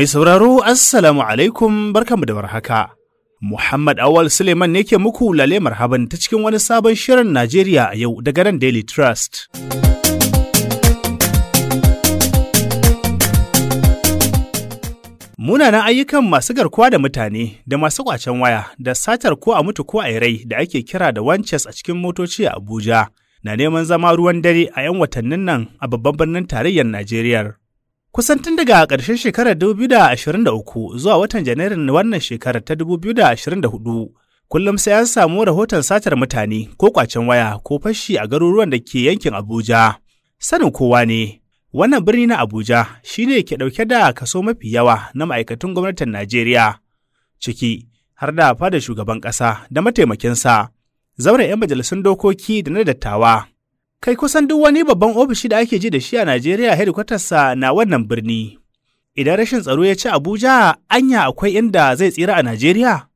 Mai sauraro Assalamu alaikum mu da warhaka. Muhammad Awal Suleiman ne ke muku lale marhaban ta cikin wani sabon shirin Najeriya a yau daga nan Daily Trust. Munanan ayyukan masu garkuwa da mutane da masu kwacen waya da satar ko a mutu ko a rai da ake kira da wances a cikin motoci a Abuja na neman zama ruwan dare a 'yan watannin nan a babban birnin tarayyar Najeriya. Kusan tun daga ƙarshen shekarar 2023 zuwa watan Janairun wannan shekarar ta 2024, kullum sai an samu rahoton satar mutane ko kwacen waya ko fashi a garuruwan da ke yankin Abuja. Sanin kowa ne, wannan birni na Abuja shi ne ke ɗauke da kaso mafi yawa na ma'aikatun gwamnatin Najeriya, ciki har da fada shugaban ƙasa da mataimakinsa, zaure 'yan majalisun dokoki da na dattawa. Kai kusan duk wani babban ofishi da ake ji da shi a Najeriya hedikwatarsa na wannan birni. Idan rashin tsaro ya ci Abuja, anya akwai inda zai tsira a Najeriya?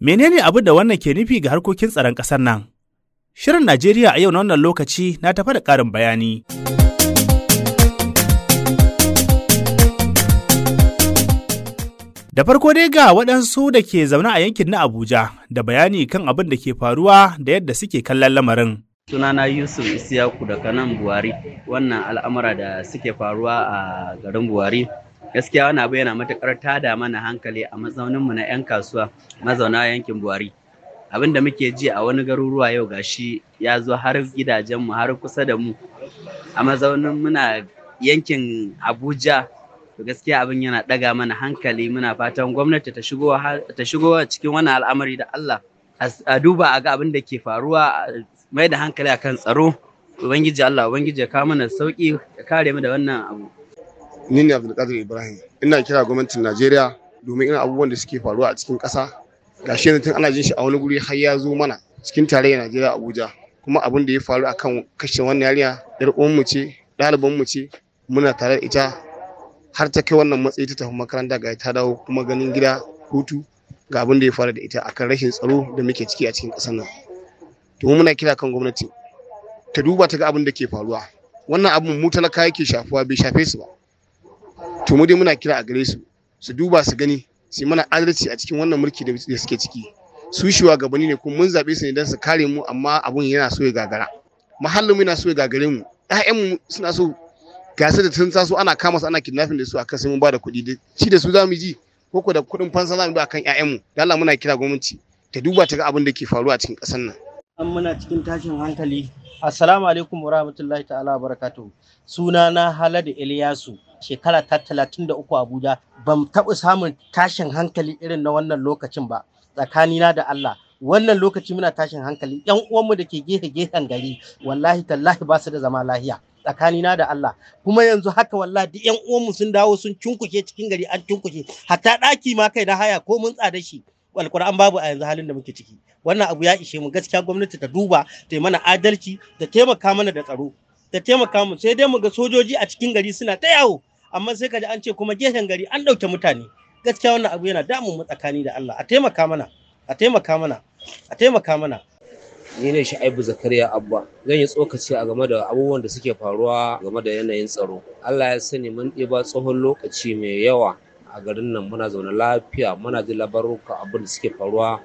Menene abu da wannan ke nufi ga harkokin tsaron ƙasar nan? Shirin Najeriya a yau na wannan lokaci na tafa da ƙarin bayani. Da farko dai ga waɗansu da ke zaune a yankin na Abuja da bayani kan abin da ke faruwa da yadda suke kallon lamarin. sunana yusuf isiyaku ka nan Buhari, wannan al'amura da suke faruwa a garin Buhari. gaskiya wani abu yana matukar tada mana hankali a mazauninmu na 'yan kasuwa mazauna yankin Buhari. abin da muke ji a wani garuruwa yau gashi ya zo har gidajenmu har kusa da mu a mazaunin muna yankin abuja to gaskiya abin yana ɗaga mana hankali muna fatan gwamnati ta shigo cikin wani al'amari da allah a duba a ga abin da ke faruwa mai da hankali akan tsaro ubangiji Allah ubangiji ya kawo mana sauki ya kare mu da wannan abu ni ne Abdulkadir Ibrahim ina kira gwamnatin Najeriya domin ina abubuwan da suke faruwa a cikin ƙasa gashi yanzu tun ana jin shi a wani guri har ya zo mana cikin tarayyar Najeriya Abuja kuma abin da ya faru akan kashe wannan yarinya yar mu ce ɗaliban mu ce muna tare da ita har ta kai wannan matsayi ta tafi makaranta ga ta dawo kuma ganin gida hutu ga abin da ya faru da ita akan rashin tsaro da muke ciki a cikin ƙasar nan to muna kira kan gwamnati ta duba ta ga abin da ke faruwa wannan abin mu talaka yake shafuwa bai shafe su ba to mu dai muna kira a gare su su duba su gani su mana adalci a cikin wannan mulki da suke ciki su shugabanni ne kuma mun zabe su ne don su kare mu amma abun yana so ya gagara mahallin mu yana so ya gagare mu ƴaƴan mu suna so gasar da tunsa su ana kama su ana kidnapping da su akan sai mun bada kuɗi da ci da su za mu ji ko da kuɗin fansa mu ba akan ƴaƴan mu da Allah muna kira gwamnati ta duba ta ga abin da ke faruwa a cikin ƙasar nan an muna cikin tashin hankali assalamu alaikum warahmatullahi ta'ala barakatuhu suna na haladu iliyasu shekara ta talatin da uku abuja ban taɓa samun tashin hankali irin na wannan lokacin ba tsakanina da allah wannan lokaci muna tashin hankali yan uwanmu da ke gefe gefen gari wallahi tallahi ba su da zama lahiya tsakanina da Allah kuma yanzu haka wallahi duk yan uwanmu sun dawo sun cunkushe cikin gari an cunkushe hatta ɗaki ma kai na haya ko mun tsada shi alkur'an babu a yanzu halin da muke ciki wannan abu ya ishe mu gaskiya gwamnati ta duba ta yi mana adalci da taimaka mana da tsaro ta taimaka mu sai dai mu ga sojoji a cikin gari suna ta yawo amma sai ka ji an ce kuma gefen gari an ɗauke mutane gaskiya wannan abu yana damun mu tsakani da Allah a taimaka mana a taimaka mana a taimaka mana ni ne aibu zakariya abba zan yi tsokaci a game da abubuwan da suke faruwa game da yanayin tsaro allah ya sani mun ɗiba tsohon lokaci mai yawa a garin nan muna zaune lafiya muna ji labaruka abin da suke faruwa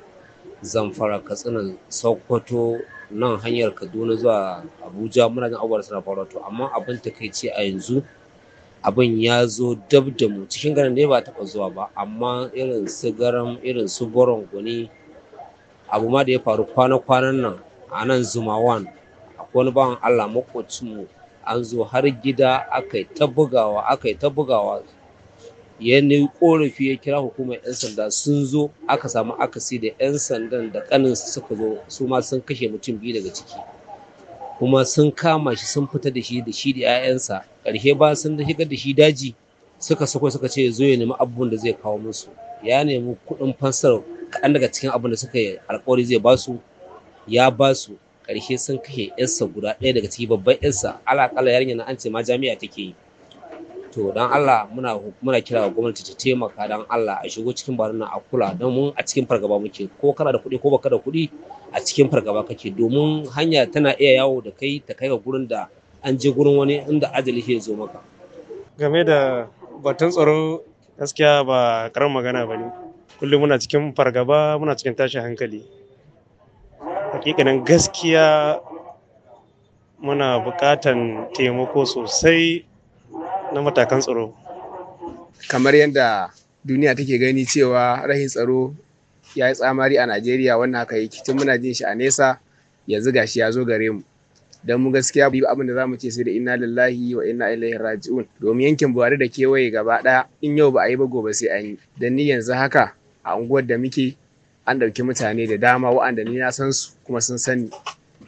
zamfara katsina sokoto nan hanyar kaduna zuwa abuja muna jin abubuwa suna faruwa to amma abin ta takaici a yanzu abin ya zo dab da mu cikin garin da ba taɓa zuwa ba amma irin su garam irin su goron guni abu ma da ya faru kwana-kwanan nan a nan zuma zumawan akwai wani bawan allah makwacinmu an zo har gida aka yi ta bugawa aka yi ta bugawa Yanayi korafi ya kira hukumar 'yan sanda sun zo aka samu akasi da 'yan sandan da kanin suka zo su ma sun kashe mutum biyu daga ciki kuma sun kama shi sun fita da shi da shi da 'ya'yansa ƙarshe ba sun da shigar da shi daji suka sako suka ce zo ya nemi abubuwan da zai kawo musu ya nemi kuɗin fansar kaɗan daga cikin abin da suka yi alkawari zai ba su ya ba su ƙarshe sun kashe 'yansa guda ɗaya daga ciki babban 'yansa alaƙala yarinya na an ce ma jami'a take yi to dan Allah muna muna kira ga gwamnati ta taimaka dan Allah a shigo cikin barin nan a kula don mun a cikin fargaba muke ko kana da kuɗi ko baka da kuɗi a cikin fargaba kake domin hanya tana iya yawo da kai ta kai ga gurin da an je gurin wani inda ajali ya zo maka game da batun tsaro gaskiya ba karan magana ba ne kullum muna cikin fargaba muna cikin tashin hankali hakikanin gaskiya muna buƙatan taimako sosai na matakan tsaro kamar yadda duniya take gani cewa rahin tsaro ya yi tsamari a najeriya wannan haka yake tun muna jin shi a nesa yanzu gashi ya zo gare mu don mu gaskiya bi abin da za mu ce sai da inna lillahi wa inna ilaihi raji'un domin yankin buhari da kewaye gaba ɗaya in yau ba a yi ba gobe sai an yi don ni yanzu haka a unguwar da muke an ɗauki mutane da dama wa'anda ni na san su kuma sun sani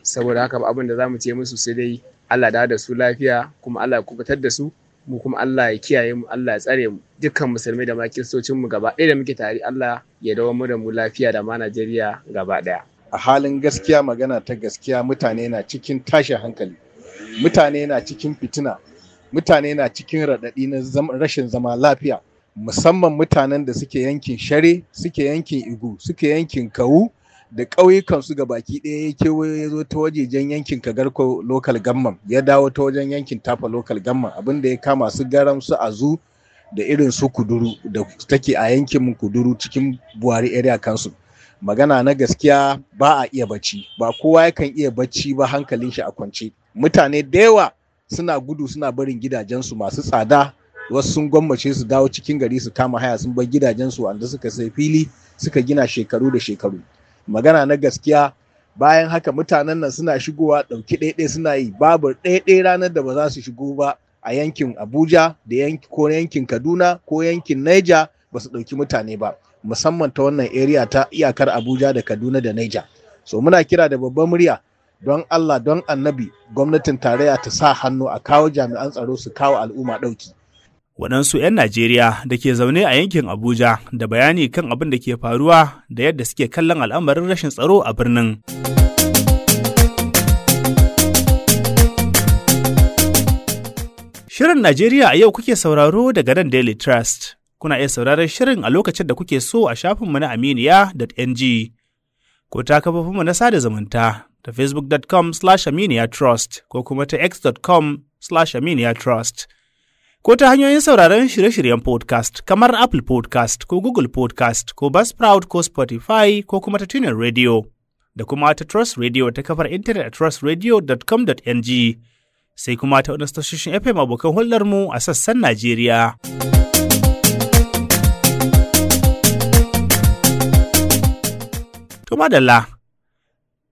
saboda haka abin da za mu ce musu sai dai Allah da su lafiya kuma Allah kubutar da su mu kuma Allah ya kiyaye mu Allah ya tsare mu dukkan musulmai da ma mu gaba ɗaya da muke tare Allah ya dawo mu da mu lafiya da ma Najeriya gaba ɗaya a halin gaskiya magana ta gaskiya mutane na cikin tashin hankali mutane na cikin fitina mutane na cikin raɗaɗi na rashin zama lafiya musamman mutanen da suke yankin share suke yankin igu suke yankin kawu da su ga baki ɗaya ya kewaye ya zo ta wajejen yankin kagarko local gamman ya dawo ta wajen yankin tafa local gamman abin da ya kama su garansu su azu da irin su kuduru da take a yankin kuduru cikin buhari area kansu magana na gaskiya ba a iya bacci ba kowa yakan iya bacci ba hankalin shi a kwance mutane da yawa suna gudu suna barin gidajensu masu tsada wasu sun gwammace su dawo cikin gari su kama haya sun bar gidajensu wanda suka sai fili suka gina shekaru da shekaru magana na gaskiya bayan haka mutanen nan suna shigowa ɗauki ɗaiɗai suna yi babu ɗaiɗai ranar da ba za su shigo ba a yankin abuja da ko yankin kaduna ko yankin niger ba su ɗauki mutane ba musamman ta wannan area ta iyakar abuja da kaduna da niger so muna kira da babban murya don allah don annabi gwamnatin tarayya ta sa hannu a kawo jami'an tsaro su kawo al'umma ɗauki waɗansu 'yan Najeriya da ke zaune a yankin Abuja da bayani kan abin da ke faruwa da yadda suke kallon al'amarin rashin tsaro a birnin. Shirin Najeriya a yau kuke sauraro daga nan Daily Trust. Kuna iya sauraron shirin a lokacin da kuke so a shafinmu na aminiya.ng ko ta kafofinmu na sada zumunta ta facebook.com slash aminiya trust ko kuma ta x.com slash aminiya trust. ko ta hanyoyin sauraron shirye-shiryen podcast kamar Apple podcast ko Google podcast ko Buzzsprout ko Spotify ko kuma ta tunin radio da kuma ta Trust Radio ta kafar intanet a trustradio.com.ng sai kuma ta wadansu FM abokan hulɗarmu a sassan Najeriya. Tumadala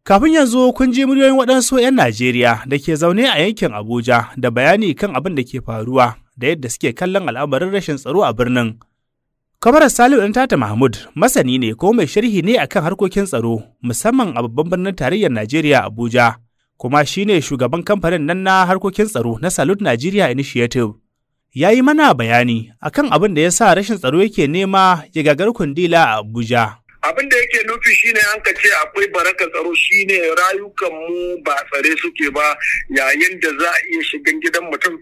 kafin yanzu kun ji muryoyin waɗansu ‘yan Najeriya da ke zaune a yankin Abuja da bayani kan abin da ke faruwa da yadda suke kallon al'amarin rashin tsaro a birnin. Kamarar Salihu ɗan Tata Mahmud masani ne ko mai sharhi ne akan harkokin tsaro musamman a babban birnin tarayyar Najeriya Abuja, kuma shi ne shugaban kamfanin nan na harkokin tsaro na Salute Nigeria Initiative. Ya yi mana bayani akan abin da ya sa rashin tsaro yake nema ya gagar kundila a Abuja. abin da yake nufi shine an ka ce akwai baraka tsaro shine rayukan mu ba tsare suke ba yayin da za a iya shigan gidan mutum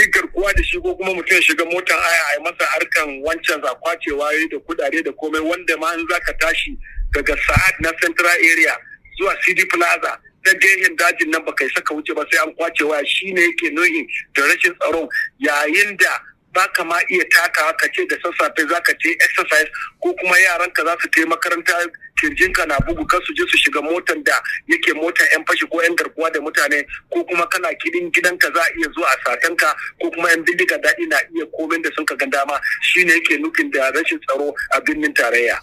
yi garkuwa da shi ko kuma mutum ya shiga motar aya a masa harkan wancan zakwacewa da kudade da komai wanda ma in ka tashi daga sa'ad na central area zuwa city plaza na gehen dajin nan ba kai saka wuce ba sai an kwace waya shine yake nuhin da rashin tsaro yayin da ba ma iya taka haka ce da sassafe za ka ce exercise ko kuma yaranka za su taimaka makaranta kirjinka na bugu kan su je su shiga motan da yake mota yan fashi ko yan garkuwa da mutane ko kuma kana kidin gidanka za a iya zuwa a satanka ko kuma yan bindiga daɗi na iya komen da sun ka gan dama shine yake nufin da rashin tsaro a birnin tarayya.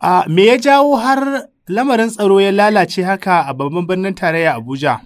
A me ya jawo har lamarin tsaro ya lalace haka a babban birnin tarayya Abuja?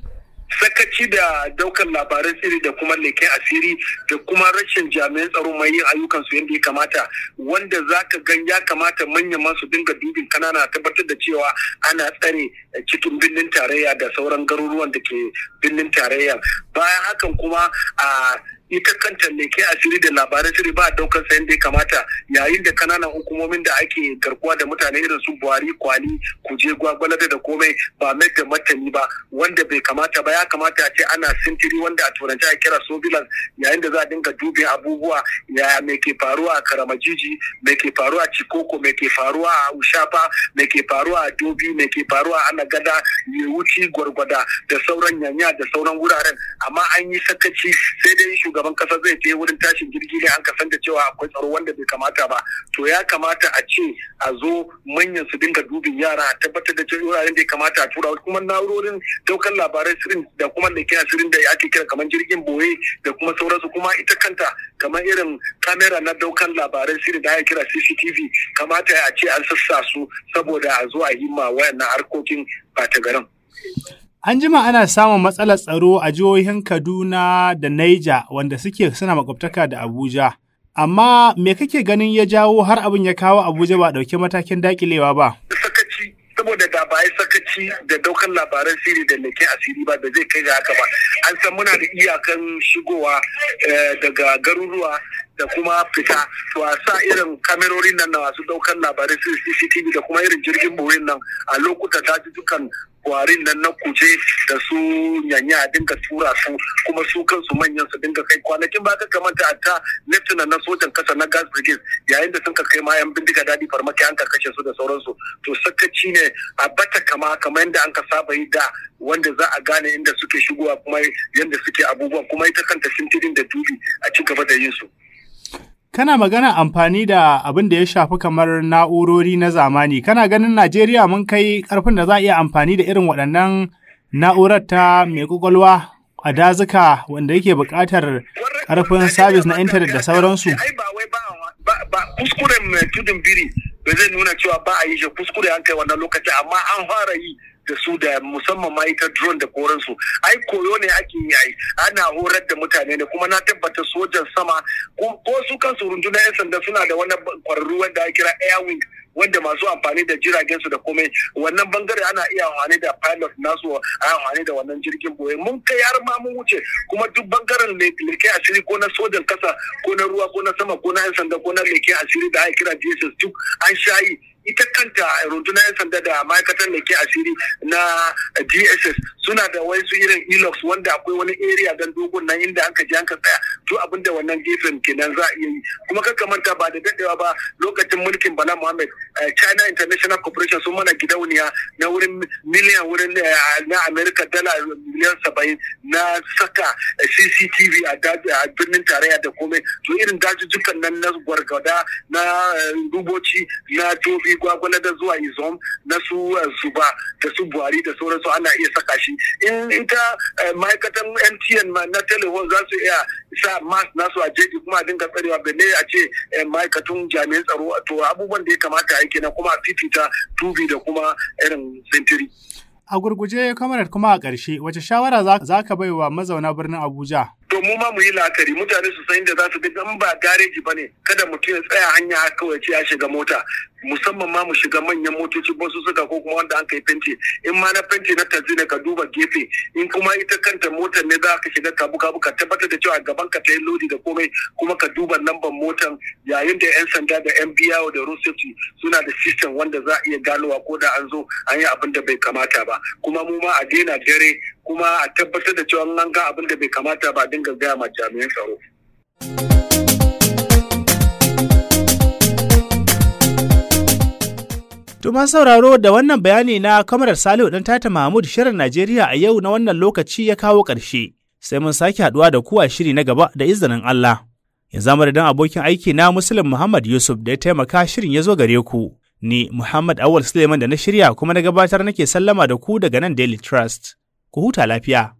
sakaci da daukan labaran sirri da kuma leken asiri da kuma rashin jami'an tsaro mai yin ayyukan su yadda ya kamata wanda za ka gan ya kamata manyan masu dinga dubin kanana tabbatar da cewa ana tsare eh, cikin birnin tarayya da sauran garuruwan da ke birnin tarayya bayan hakan kuma a ah, ita kanta ke asiri da labaran sirri ba daukar sayan da ya kamata yayin da kananan hukumomin da ake garkuwa da mutane irin su buhari kwali kuje gwagwalada da komai ba mai da martani ba wanda bai kamata ba ya kamata a ce ana sintiri wanda a turanci a kira sobilan yayin da za a dinga dubin abubuwa ya mai ke faruwa a karamajiji mai ke faruwa a cikoko mai ke faruwa a ushafa mai ke faruwa a dobi mai ke faruwa a anagada wuce gwargwada da sauran yanya da sauran wuraren amma an yi sakaci sai dai shugaban shugaban kasa zai je wurin tashin jirgi ne an kasan da cewa akwai tsaro wanda bai kamata ba to ya kamata a ce a zo manyan su dinga dubin yara a tabbatar da cewa wuraren da ya kamata a tura kuma na'urorin daukan labarai sirrin da kuma da kira sirin da ake kira kamar jirgin boye da kuma sauransu kuma ita kanta kamar irin kamera na daukan labarai sirin da ake kira CCTV kamata a ce an sassa su saboda a zo a himma ma wayannan harkokin ba ta garin. An jima ana samun matsalar tsaro a jihohin Kaduna da Naija wanda suke suna makwabtaka da Abuja. Amma me kake ganin ya jawo har abin ya kawo Abuja ba ɗauki matakin dakilewa ba? Sakaci, saboda da ba sakaci da daukan labaran sirri da leke asiri ba da zai kai ga haka ba. An san muna da iyakan shigowa eh, daga garuruwa da kuma fita to a sa irin kamerorin nan na masu daukan labarai su CCTV da kuma irin jirgin buhun nan a lokuta ji dukan kwarin nan na kuje da su yanya a dinga tura su kuma su kansu manyan su dinga kai kwanakin ba ka kamata a ta leftina na sojan kasa na gas brigade yayin da sun ka kai mayan bindiga daɗi farmaki an ka kashe su da sauransu to sakaci ne a bata kama kamar yadda an ka saba yi da wanda za a gane inda suke shigowa kuma yadda suke abubuwa kuma ita kanta sintirin da dubi a ci gaba da yin su. Kana magana amfani da abin da ya shafi kamar na'urori na zamani, kana ganin Najeriya mun kai karfin da za a iya amfani da irin waɗannan na'urar ta mai kwakwalwa a dazuka wanda yake buƙatar karfin sabis na intanet da sauransu. Ai mai kuskuren tudun biri ba zai nuna cewa ba a yi shi kuskure an kai wannan lokaci amma an fara yi da su da musamman ma ita drone da koransu ai koyo ne ake yi ai ana horar da mutane ne kuma na tabbata sojan sama ko su kansu runduna 'yan sanda suna da wani kwararru wanda ake kira air wing wanda masu amfani da jiragen su da komai wannan bangare ana iya amfani da pilot nasu a amfani da wannan jirgin boye mun kai har ma mun wuce kuma duk bangaren leke asiri ko na sojan kasa ko na ruwa ko na sama ko na yan sanda ko na leke asiri da aka kira DSS duk an shayi ita kanta rundunar 'yan sanda da ma'aikatar da ke asiri na dss suna da wasu irin elox wanda akwai wani area don dogon nan inda an aka ji ka tsaya to abin da wannan gefen kenan za a iya yi kuma kamar manta ba da daɗewa ba lokacin mulkin bala muhammad eh, china international corporation sun mana gidauniya na wurin miliyan wurin eh, na america dala miliyan saba'in na saka eh, cctv a birnin tarayya da komai to irin dajujjukan nan na gwargwada na ruboci na tofi gwagwa na da zuwa izom na su eh, zuba da su buhari da sauransu ana iya saka shi in ita eh, ma'aikatan mtn na telehon za su iya sa mas nasu a jeji kuma dinga tsarewa bane a ce eh, ma'aikatun jami'an tsaro to abubuwan da ya kamata a na kuma a fifita dubi da kuma irin sentiri. A gurguje kamarar kuma a karshe wace shawara za ka bai wa mazauna birnin Abuja? To mu ma mu yi la'akari mutane su san da za su bi dan ba gareji ba ne kada mutum ya tsaya hanya kawai ce ya shiga mota musamman ma mu shiga manyan motoci su suka ko kuma wanda an kai fenti in ma na fenti na tazi ka duba gefe in kuma ita kanta motar ne za ka shiga kabu kabu ka tabbatar da cewa gaban ka ta yi lodi da komai kuma ka duba lambar motar yayin da yan sanda da yan biyawa da rosetti suna da system wanda za a iya ganowa ko da an zo an yi abin da bai kamata ba kuma mu ma a daina dare kuma a tabbatar da cewa an ga abin da bai kamata ba dinga gaya ma jami'an tsaro. Tuma sauraro da wannan bayani na kamarar Salihu ɗan Tata Mahmud shirin Najeriya a yau na wannan lokaci ya kawo ƙarshe. Sai mun sake haɗuwa da kuwa shiri na gaba da izinin Allah. Ya zama da dan abokin aiki na Muslim Muhammad Yusuf da ya taimaka shirin ya zo gare ku. Ni Muhammad Awal Suleiman da na shirya kuma na gabatar nake sallama da ku daga nan Daily Trust. Ku huta lafiya.